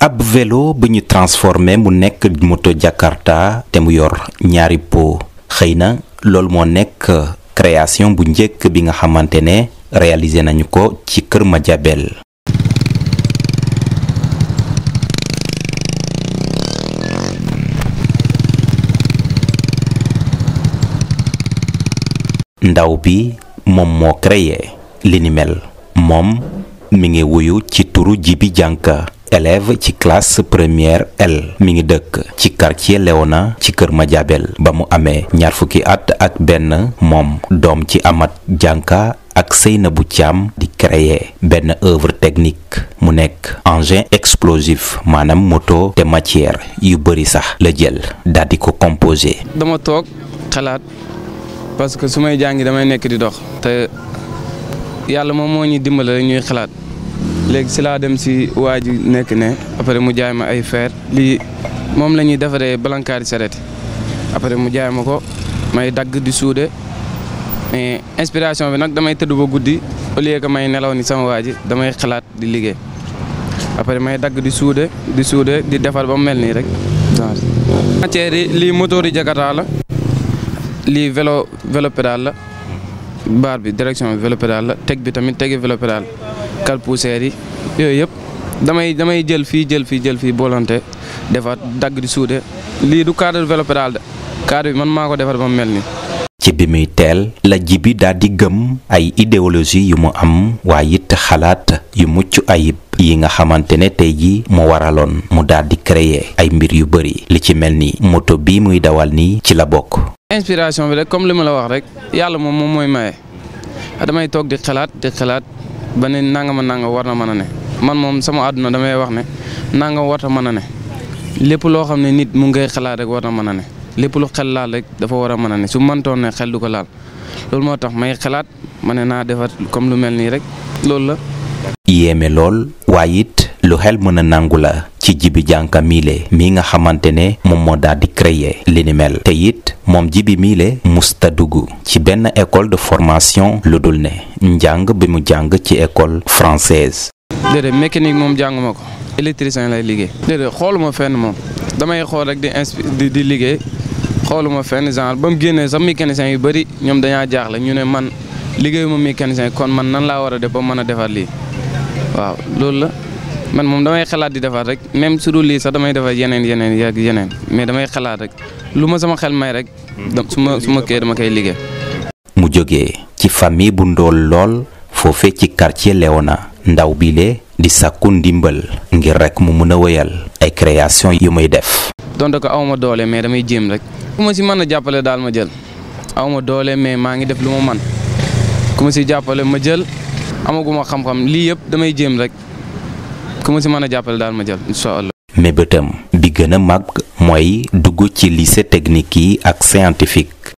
ab velo bi ñu transformé mu nekk moto jakarta te mu yor ñaari po xëy na loolu moo nekk création bu njëkk bi nga xamante ne réalisé nañu ko ci Kër Madiabel ndaw bi moom moo créé li moom mi ngi wuyu ci turu Jibi Jànka élève ci classe première L mi ngi dëkk ci quartier Léona ci kër Madiabel ba mu amee ñaar fukki at ak benn moom doom ci Amat Dianka ak Seynabou Thiam di créer benn œuvre technique mu nekk engin explosif maanaam moto te matière yu bëri sax la jël daal di ko composé. dama toog xalaat parce que su may jàngi damay nekk di dox te yàlla moom moo ñu dimbale ñuy xalaat. léegi si laa dem si waa ji nekk ne après mu jaay ma ay fer lii moom la ñuy defaree balankaari saret après mu jaay ma ko may dagg di suude mais inspiration bi nag damay tëdd ba guddi au lieu que may nelaw ni sama waa ji damay xalaat di liggéey après may dagg di suude di suude di defar ba mu mel nii rek matière lii moteur yi jakarta la lii vélo vélo daal la baar bi direction vélo pédale la teg bi tamit tegi vélo daal calpoussière yi yooyu yëpp damay damay jël fii jël fii jël fi bolante defar dagg di suude lii du cadre développé daal de cadre bi man maa ko defar ba mel nii. ci bi muy teel la ji bi daal di gëm ay idéologie yu mu am waaye it xalaat yu mucc ayib yi nga xamante ne tey ji mu waraloon mu daal di créer ay mbir yu bëri li ci mel ni moto bii muy dawal nii ci la bokk. inspiration bi rek comme li la wax rek yàlla moom moom mooy maye damay toog di xalaat di ba ne nangama nangam war na mën a ne man moom sama àdduna damay wax ne nangam war na mën a ne lépp loo xam ne nit mu ngay xalaat rek war na mën a ne lépp lu xel laal rek dafa war a mën a ne su mantoon ne xel du ko laal loolu moo tax may xalaat ma ne naa defar comme lu mel nii rek loolu la. yéeme lool waaye it lu xel mën a nangu la ci Djiby Dianka miile mii nga xamante ne moom moo daal di créer li ni mel te moom jibi miile musta dugg ci benn école de formation lu dul ne njàng bi mu jàng ci école francaise déedéet mécanique moom jàng ma ko électricien lay liggéey déedéet xooluma fenn moom damay xool rek di inspi di liggéey xooluma fenn genre ba mu génnee sa mécanicien yu bëri ñoom dañaa jaaxle ñu ne man liggéeyuma mécanicien kon man nan laa war a def ba mën a defar lii waaw loolu la man moom damay xalaat di defaat rek même su dul lii sax damay defaat yeneen yeneen ak mais damay xalaat rek lu ma sama xel may rek. su ma su ma kii dama koy liggéey. mu jógee ci famille bu ndool lool foofe ci kartie quartier Léona ndaw biile di sàkku ndimbal ngir rek mu mën a wéyal ay création yu muy def. donte ko awma doole mais damay jéem rek ku ma si mën a jàppale daal ma jël awma doole mais maa ngi def lu ma man ku si jàppale ma jël amaguma xam-xam lii yëpp damay jéem rek. ku ma si mën a jàppale daal ma jël incha allah. mais bëtam bi gën a mag mooy dugg ci lycée technique yi ak scientifique.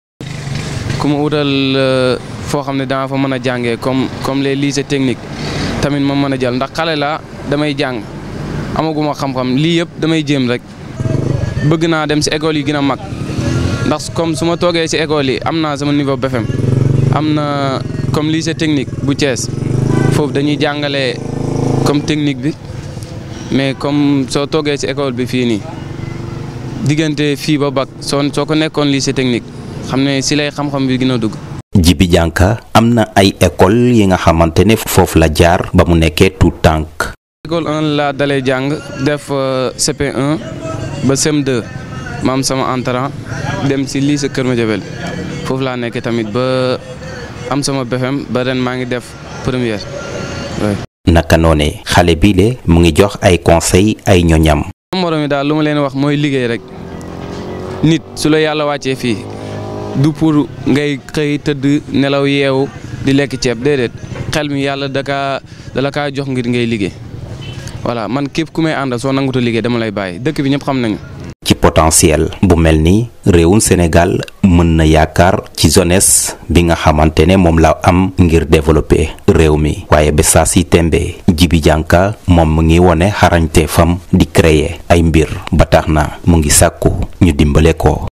ku ma utal euh, foo xam ne dama fa mën a jàngee comme comme les lycées techniques tamit ma mën a jël ndax xale laa damay jàng amaguma xam-xam lii yëpp damay jéem rek bëgg naa dem si école yi gën a mag ndax comme su ma toogee si école yi am naa sama niveau BFEM am na comme lycée technique bu Thiès foofu dañuy jàngale comme technique bi. mais comme soo toogee ci école bi fii nii diggante fii ba bac soo soo ko nekkoon lycée technique xam ne si lay xam-xam bi gën a dugg. Jibi Jànka am na ay école yi nga xamante ne foofu la jaar ba mu nekkee tout tànk. école un laa dalee jàng def euh, cp un ba CM2 am sama entrant dem si sa Kër Madiabel foofu laa nekkee tamit ba am sama BFEM ba ren maa ngi def première. naka noone xale bii le mu ngi jox ay conseil ay ñoñam. moroom yi daal lu ma leen wax mooy liggéey rek nit su la yàlla wàccee fii du pour ngay xëy tëdd nelaw yeewu di lekk ceeb déedéet xel mi yàlla da kaa da la kaa jox ngir ngay liggéey voilà man képp ku may àndal soo nanguta liggéey dama lay bàyyi dëkk bi ñëpp xam nañu. ci potentiel bu mel ni réewum Sénégal mën na yaakaar ci jeunesse bi nga xamante ne moom la am ngir développer réew mi waaye ba saa si tembe Djiby Dianka moom mu ngi wone xarañte fam di créer ay mbir ba tax na mu ngi sàkku ñu dimbale ko